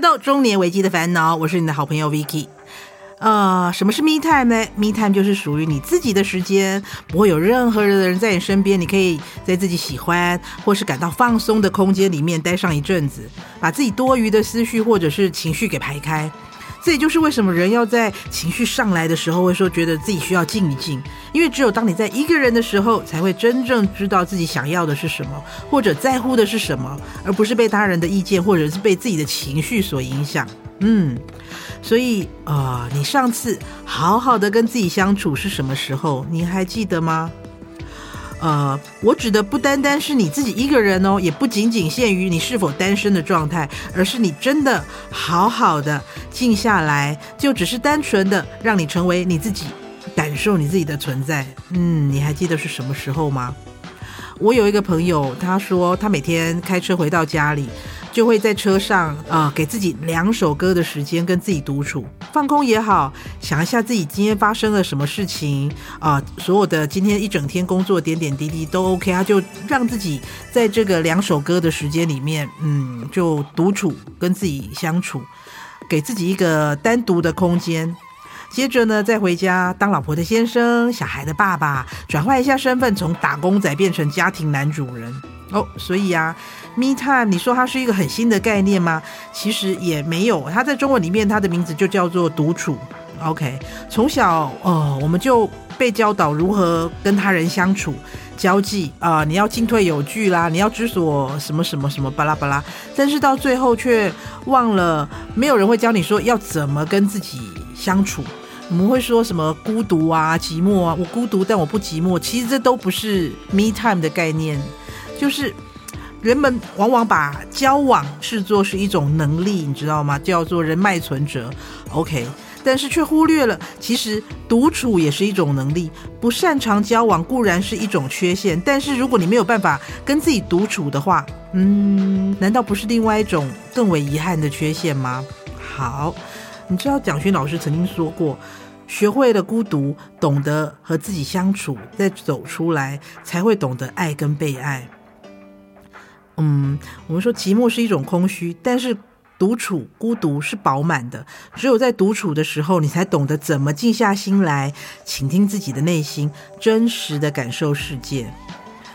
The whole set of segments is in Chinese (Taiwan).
到中年危機的煩惱，我是你的好朋友 Vicky。呃，什麼是 Me Time 呢？Me Time 就是屬於你自己的時間，不會有任何人的人在你身邊，你可以在自己喜歡或是感到放鬆的空間裡面待上一陣子，把自己多餘的思緒或者是情緒給排開。這也就是為什麼人要在情緒上來的時候，會說覺得自己需要靜一靜，因為只有當你在一個人的時候，才會真正知道自己想要的是什麼，或者在乎的是什麼，而不是被他人的意見，或者是被自己的情緒所影響。嗯，所以啊，呃，你上次好好的跟自己相處是什麼時候？你還記得嗎？呃，我指的不單單是你自己一個人哦，也不僅僅限於你是否單身的狀態，而是你真的好好的靜下來，就只是單純的讓你成為你自己，感受你自己的存在。嗯，你還記得是什麼時候嗎？我有一個朋友，他說他每天開車回到家裡。就會在車上啊、呃，給自己兩首歌的時間跟自己獨處，放空也好，想一下自己今天發生了什麼事情啊、呃，所有的今天一整天工作點點滴滴都 OK 啊，他就讓自己在這個兩首歌的時間裡面，嗯，就獨處跟自己相處，給自己一個單獨的空間。接着呢，再回家當老婆的先生、小孩的爸爸，轉換一下身份，從打工仔變成家庭男主人。哦，所以啊，me time，你說它是一個很新的概念嗎？其實也沒有，它在中文裡面，它的名字就叫做獨處。OK，從小呃，我們就被教導如何跟他人相處、交際啊、呃，你要進退有據啦，你要知所什麼什麼什麼巴拉巴拉。但是到最後卻忘了，沒有人會教你說要怎麼跟自己相處。我們會說什麼孤獨啊、寂寞啊，我孤獨但我不寂寞，其實這都不是 me time 的概念。就是人們往往把交往視作是一種能力，你知道嗎？叫做人脈存折，OK。但是卻忽略了，其實獨處也是一種能力。不擅長交往固然是一種缺陷，但是如果你沒有辦法跟自己獨處的話，嗯，難道不是另外一種更為遺憾的缺陷嗎？好，你知道蔣勳老師曾經說過，學會了孤獨，懂得和自己相處，再走出來，才會懂得愛跟被愛。嗯，我們說寂寞是一種空虛，但是獨處孤獨是飽滿的。只有在獨處的時候，你才懂得怎麼靜下心來，傾聽自己的內心，真實的感受世界。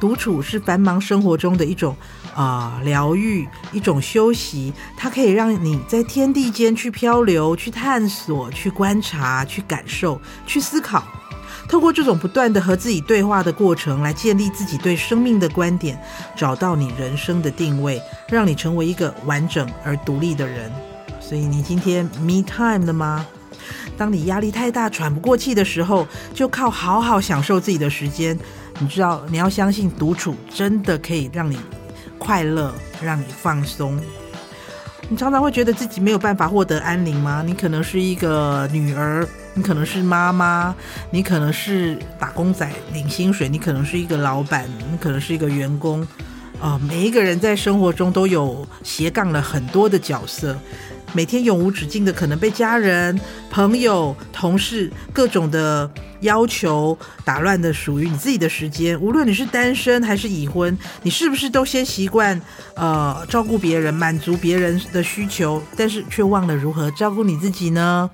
獨處是繁忙生活中的一種啊、呃、療癒，一種休息。它可以讓你在天地間去漂流，去探索，去觀察，去感受，去思考。透過這種不斷的和自己對話的過程，來建立自己對生命的觀點，找到你人生的定位，讓你成為一個完整而獨立的人。所以，你今天 me time 了嗎？當你壓力太大、喘不過氣的時候，就靠好好享受自己的時間。你知道，你要相信，獨處真的可以讓你快樂，讓你放鬆。你常常會覺得自己沒有辦法獲得安寧嗎？你可能是一個女兒，你可能是媽媽，你可能是打工仔領薪水，你可能是一個老闆，你可能是一個員工。呃，每一個人在生活中都有斜槓了很多的角色。每天永無止境的，可能被家人、朋友、同事各種的要求打亂的屬於你自己的時間。無論你是單身還是已婚，你是不是都先習慣呃照顧別人、滿足別人的需求，但是卻忘了如何照顧你自己呢？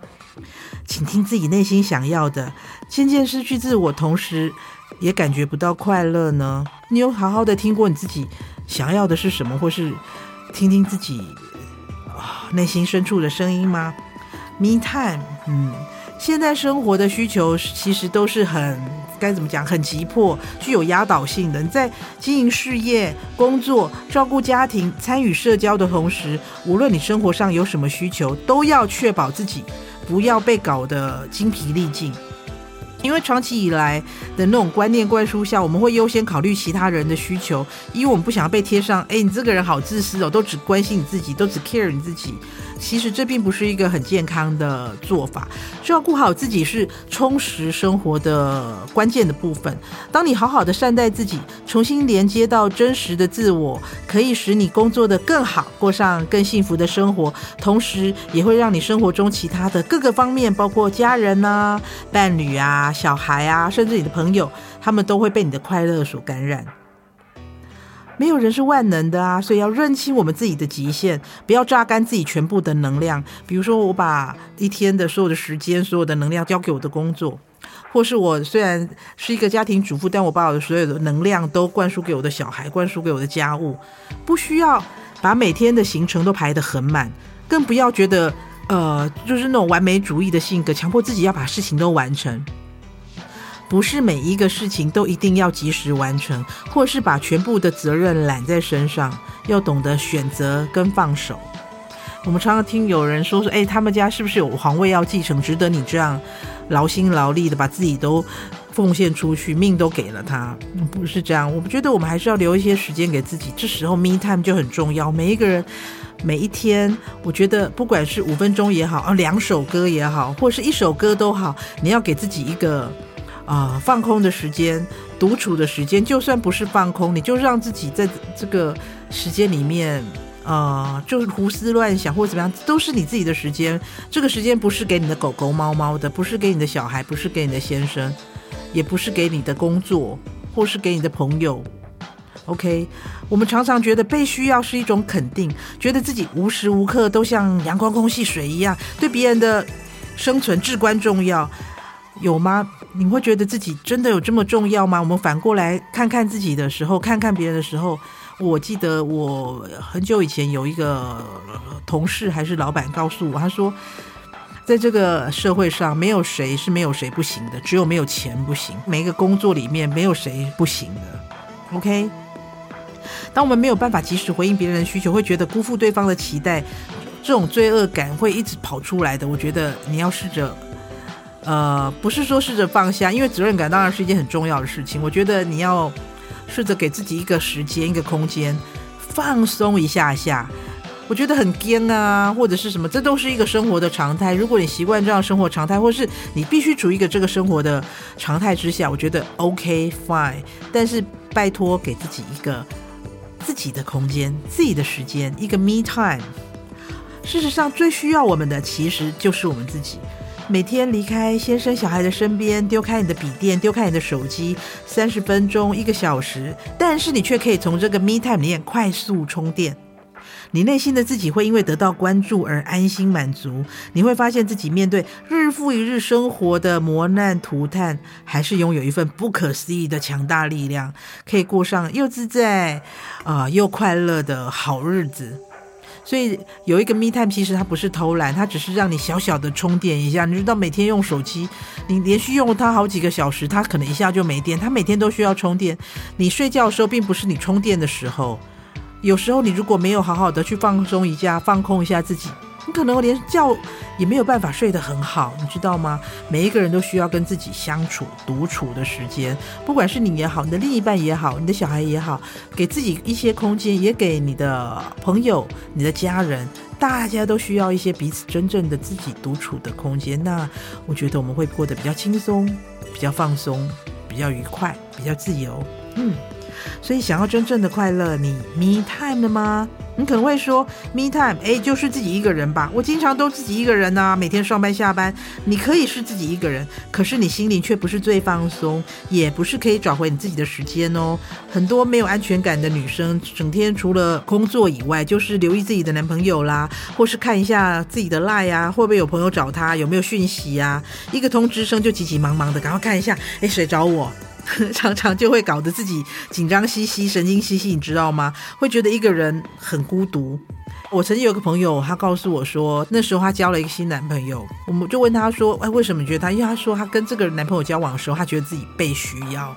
請聽自己內心想要的，漸漸失去自我，同時也感覺不到快樂呢？你有好好的聽過你自己想要的是什麼，或是聽聽自己，內心深處的聲音嗎？Me Time。嗯，現在生活的需求其實都是很該怎麼講，很急迫，具有壓倒性的。在經營事業、工作、照顧家庭、參與社交的同時，無論你生活上有什麼需求，都要確保自己不要被搞得精疲力盡。因為長期以來的那種觀念灌輸下，我們會優先考慮其他人的需求，因為我們不想要被貼上“哎，你這個人好自私哦，都只關心你自己，都只 care 你自己。”其實這並不是一個很健康的做法。照顧好自己是充實生活的關鍵的部分。當你好好的善待自己，重新連接到真實的自我，可以使你工作的更好，過上更幸福的生活，同時也會讓你生活中其他的各個方面，包括家人吶、啊、伴侶啊、小孩啊，甚至你的朋友，他們都會被你的快樂所感染。沒有人是萬能的啊，所以要認清我們自己的極限，不要榨乾自己全部的能量。比如說，我把一天的所有的時間、所有的能量交給我的工作，或是我雖然是一個家庭主婦，但我把我的所有的能量都灌輸給我的小孩、灌輸給我的家務。不需要把每天的行程都排得很滿，更不要覺得呃，就是那種完美主義的性格，強迫自己要把事情都完成。不是每一個事情都一定要及時完成，或是把全部的責任攬在身上，要懂得選擇跟放手。我們常常聽有人說，說：“說哎，他們家是不是有皇位要繼承，值得你這樣勞心勞力的把自己都奉獻出去，命都給了他？”嗯，不是這樣，我們覺得我們還是要留一些時間給自己，這時候 me time 就很重要。每一個人每一天，我覺得不管是五分鐘也好，啊，兩首歌也好，或是一首歌都好，你要給自己一個。啊、呃，放空的時間，獨處的時間，就算不是放空，你就讓自己在這個時間裡面啊、呃，就是胡思亂想或怎麼樣，都是你自己的時間。這個時間不是給你的狗狗、貓貓的，不是給你的小孩，不是給你的先生，也不是給你的工作，或是給你的朋友。OK，我們常常覺得被需要是一種肯定，覺得自己無時無刻都像陽光、空氣、水一樣，對別人的生存至關重要，有嗎？你會覺得自己真的有這麼重要嗎？我們反過來看看自己的時候，看看別人的時候，我記得我很久以前有一個同事還是老闆告訴我，他說，在這個社會上，沒有誰是沒有誰不行的，只有沒有錢不行。每一個工作裡面，沒有誰不行的。OK，當我們沒有辦法及時回應別人的需求，會覺得辜負對方的期待，這種罪惡感會一直跑出來的。我覺得你要試着。呃，不是說試着放下，因為責任感當然是一件很重要的事情。我覺得你要試着給自己一個時間、一個空間，放鬆一下下。我覺得很癲啊，或者是什麼，這都是一個生活的常態。如果你習慣這樣生活常態，或是你必須處於一個這個生活的常態之下，我覺得 OK fine。但是拜托，給自己一個自己的空間、自己的時間，一個 me time。事實上，最需要我們的其實就是我們自己。每天離開先生小孩的身邊，丟開你的筆電，丟開你的手機，三十分鐘、一個小時，但是你卻可以從這個 Me Time 裡面快速充電。你內心的自己會因為得到關注而安心滿足。你會發現自己面對日復一日生活的磨難塗炭，還是擁有一份不可思議的強大力量，可以過上又自在、啊、呃、又快樂的好日子。所以有一個 Me Time，其實它不是偷懶，它只是讓你小小的充電一下。你知道，每天用手機，你連續用了它好幾個小時，它可能一下就沒電。它每天都需要充電。你睡覺的時候，並不是你充電的時候。有時候，你如果沒有好好的去放鬆一下、放空一下自己。你可能連覺也沒有辦法睡得很好，你知道嗎？每一個人都需要跟自己相處、獨處的時間，不管是你也好，你的另一半也好，你的小孩也好，給自己一些空間，也給你的朋友、你的家人，大家都需要一些彼此真正的自己獨處的空間。那我覺得我們會過得比較輕鬆、比較放鬆、比較愉快、比較自由。嗯，所以想要真正的快樂，你 me time 了嗎？你可能會說 Me Time，誒，就是自己一個人吧。我經常都自己一個人吶、啊，每天上班下班。你可以是自己一個人，可是你心裡卻不是最放鬆，也不是可以找回你自己的時間哦。很多沒有安全感的女生，整天除了工作以外，就是留意自己的男朋友啦，或是看一下自己的賴啊，會不會有朋友找她，有沒有訊息啊？一個通知聲就急急忙忙的趕快看一下，誒，誰找我？常常就會搞得自己緊張兮兮、神經兮兮，你知道嗎？會覺得一個人很孤獨。我曾經有一個朋友，他告訴我說，那時候他交了一個新男朋友，我們就問他說：“哎，為什麼覺得他？”因為他說他跟這個男朋友交往的時候，他覺得自己被需要。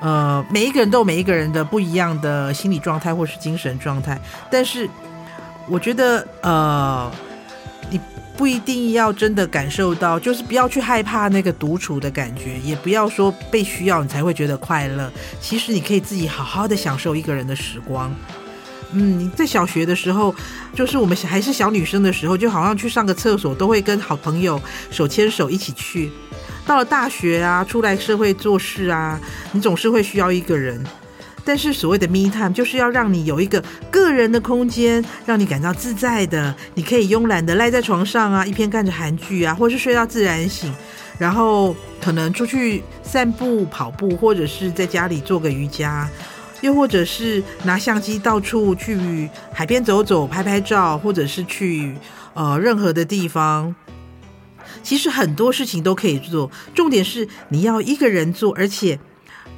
呃，每一個人都有每一個人的不一樣的心理狀態或是精神狀態，但是我覺得，呃，你。不一定要真的感受到，就是不要去害怕那個獨處的感覺，也不要說被需要你才會覺得快樂。其實你可以自己好好的享受一個人的時光。嗯，在小學的時候，就是我們還是小女生的時候，就好像去上個廁所都會跟好朋友手牽手一起去。到了大學啊，出來社會做事啊，你總是會需要一個人。但是所謂的 Me Time 就是要讓你有一個個人的空間，讓你感到自在的。你可以慵懶的賴在床上啊，一邊看着韓劇啊，或是睡到自然醒，然後可能出去散步、跑步，或者是在家裡做個瑜伽，又或者是拿相機到處去海邊走走、拍拍照，或者是去呃任何的地方。其實很多事情都可以做，重點是你要一個人做，而且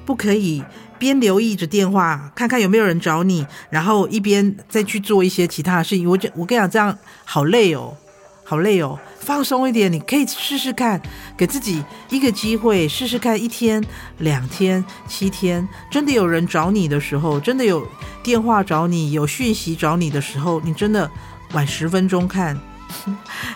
不可以。邊留意着電話，看看有沒有人找你，然後一邊再去做一些其他的事情。我我跟你講，這樣好累哦，好累哦，放鬆一點，你可以試試看，給自己一個機會試試看。一天、兩天、七天，真的有人找你的時候，真的有電話找你、有訊息找你的時候，你真的晚十分鐘看，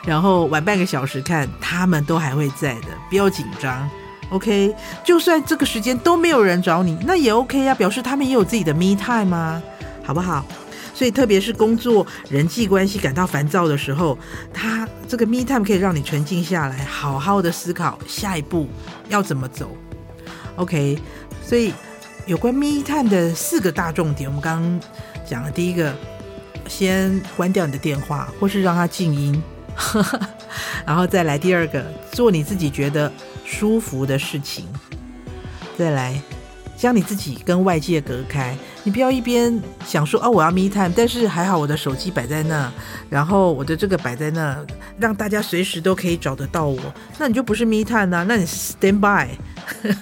然後晚半個小時看，他們都還會在的，不要緊張。OK，就算這個時間都沒有人找你，那也 OK 啊。表示他們也有自己的 Me Time 嗎、啊？好不好？所以，特別是工作人際關係感到煩躁的時候，他這個 Me Time 可以讓你沉靜下來，好好的思考下一步要怎麼走。OK，所以有關 Me Time 的四個大重點，我們剛剛講了，第一個，先關掉你的電話或是讓它靜音， 然後再來第二個，做你自己覺得舒服的事情，再來將你自己跟外界隔開。你不要一邊想說哦，我要 me time，但是還好我的手機擺在那，然後我的這個擺在那，讓大家隨時都可以找得到我。那你就不是 me time 啊，那你 stand by。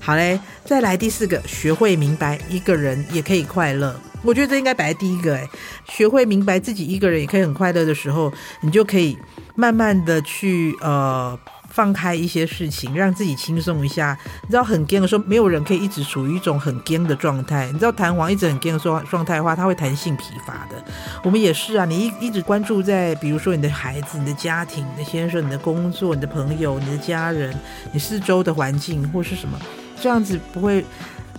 好嘞，再來第四個，學會明白一個人也可以快樂。我覺得這應該擺在第一個欸，學會明白自己一個人也可以很快樂的時候，你就可以慢慢的去呃。放開一些事情，讓自己輕鬆一下。你知道，很緊的時候，沒有人可以一直處於一種很緊的狀態。你知道，彈簧一直很緊的狀狀態的話，它會彈性疲乏的。我們也是啊，你一一直關注在，比如說你的孩子、你的家庭，你的先生、你的工作、你的朋友、你的家人、你四周的環境或是什麼，這樣子不會，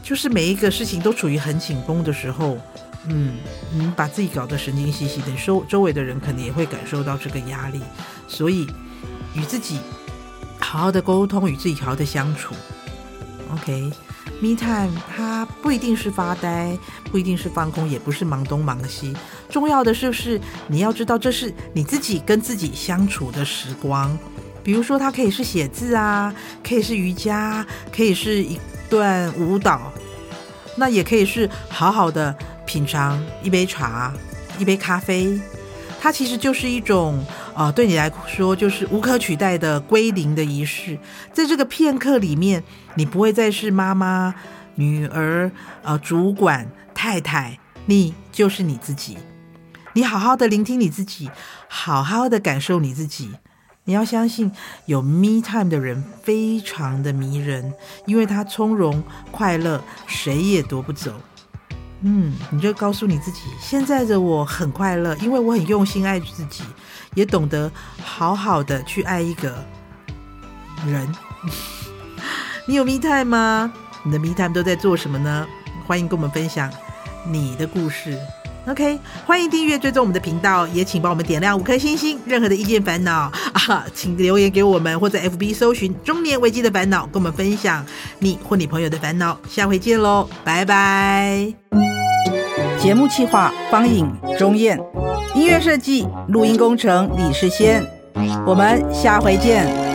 就是每一個事情都處於很緊繃的時候，嗯，你把自己搞得神經兮兮的，周周圍的人可能也會感受到這個壓力。所以，與自己。好好的溝通，與自己好好的相處，OK，Me Time，它不一定是發呆，不一定是放空，也不是忙東忙西，重要的是，是你要知道這是你自己跟自己相處的時光。比如說，它可以是寫字啊，可以是瑜伽，可以是一段舞蹈，那也可以是好好的品嘗一杯茶、一杯咖啡。它其實就是一種。哦、呃，對你來說就是無可取代的歸零的儀式，在這個片刻裡面，你不會再是媽媽、女兒、啊、呃、主管、太太，你就是你自己。你好好的聆聽你自己，好好的感受你自己。你要相信，有 Me Time 的人非常的迷人，因為他從容快樂，誰也奪不走。嗯，你就告訴你自己，現在的我很快樂，因為我很用心愛自己。也懂得好好的去愛一個人， 你有 Me Time 嗎、啊？你的 Me Time 都在做什麼呢？歡迎跟我們分享你的故事。OK，歡迎訂閱追蹤我們的頻道，也請幫我們點亮五顆星星。任何的意見煩惱啊，請留言給我們，或者 FB 搜尋“中年危機的煩惱”，跟我們分享你或你朋友的煩惱。下回見嘍，拜拜。節目企劃：方影鍾燕。音樂設計、錄音工程，李世先，我們下回見。